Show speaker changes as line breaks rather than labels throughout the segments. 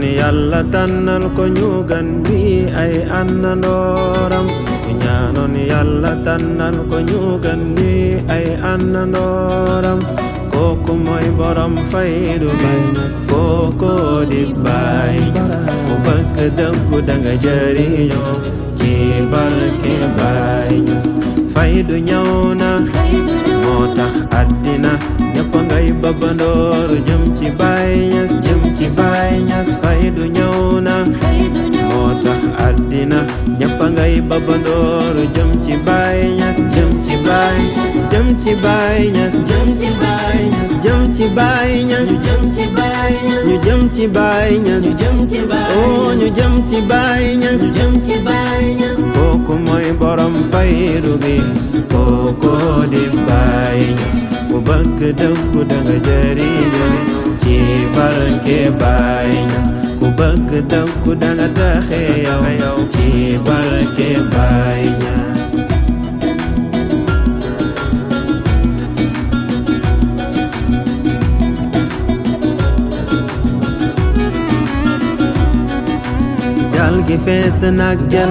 ñaan yalla tanal ko ñu gan bi ay àndandooram ñu ñaanoon yalla tanal ko ñu bi ay moy borom faydu bay kookoo di bay ko bak dangu danga jëriñoo ci barke bay faydu ñëw na adina tax ngay babandor jëm ci bay ci Baay Ñas faydu ñëw na moo tax àddina ñëpp a ngay babandooru jëm ci Baay Ñas jëm ci Baay jëm ci Baay Ñas jëm ci Baay Ñas jëm ci Baay Ñas ñu jëm ci Baay Ñas oo ñu jëm ci Baay Ñas kooku mooy borom faydu bi kooku di Baay Ñas ku bëgg dëgg danga jëriñoo ci barke Baay Ñas ku bëgg dëgg danga taxe yow ci barke Baay Ñas yal gi fees nak jën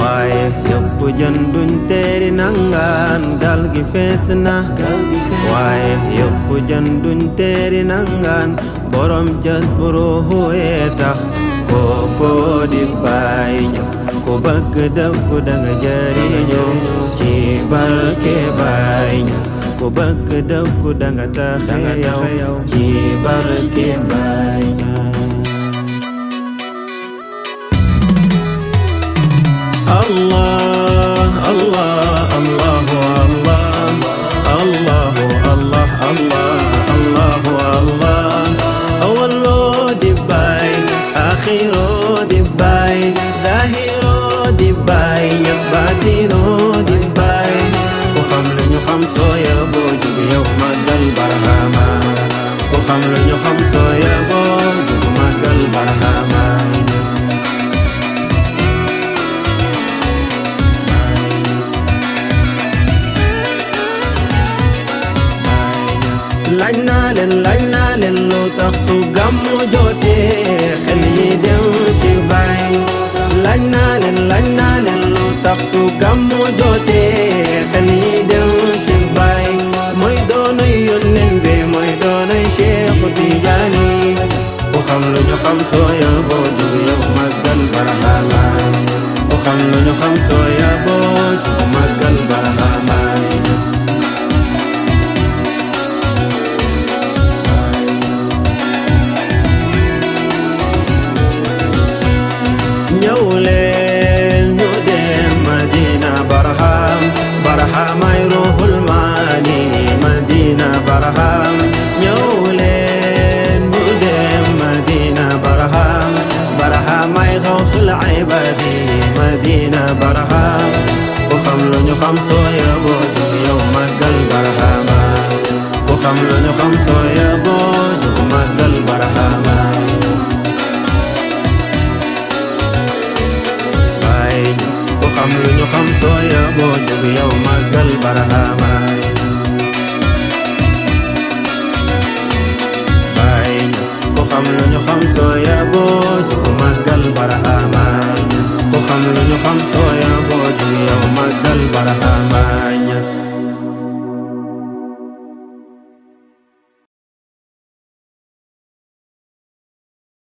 waye yop jën duñ téri nangaan dal gi fees na waye yop jën duñ téri nangaan borom jës boroohooyee tax kookoo di bay ñas ko bëgg ko da nga jariñoo ci barke bay ñas ko bëgg ko da nga taxe ci barke bay ñas laaj naa leen laaj naa leen lu tax su gàmmu jootee xel yi dem ci baay laaj naa leen laaj naa lu tax su gàmmu jootee xel yi dem ci baay mooy doonay yónneen bi mooy doonay Cheikh Tidiane ku xam lu ñu xam soo yaboo barhama ku xam lu ñu xam soo yeboo jug yow màggal barhama ku xam lu ñu xam soo yeboo jug màggal barhama waaye ku xam lu ñu xam soo yeboo jug yow màggal barhama waaye ku xam lu ñu xam soo yeboo jug màggal barhama الخمر يخمس ويبوج يوم الدل أمان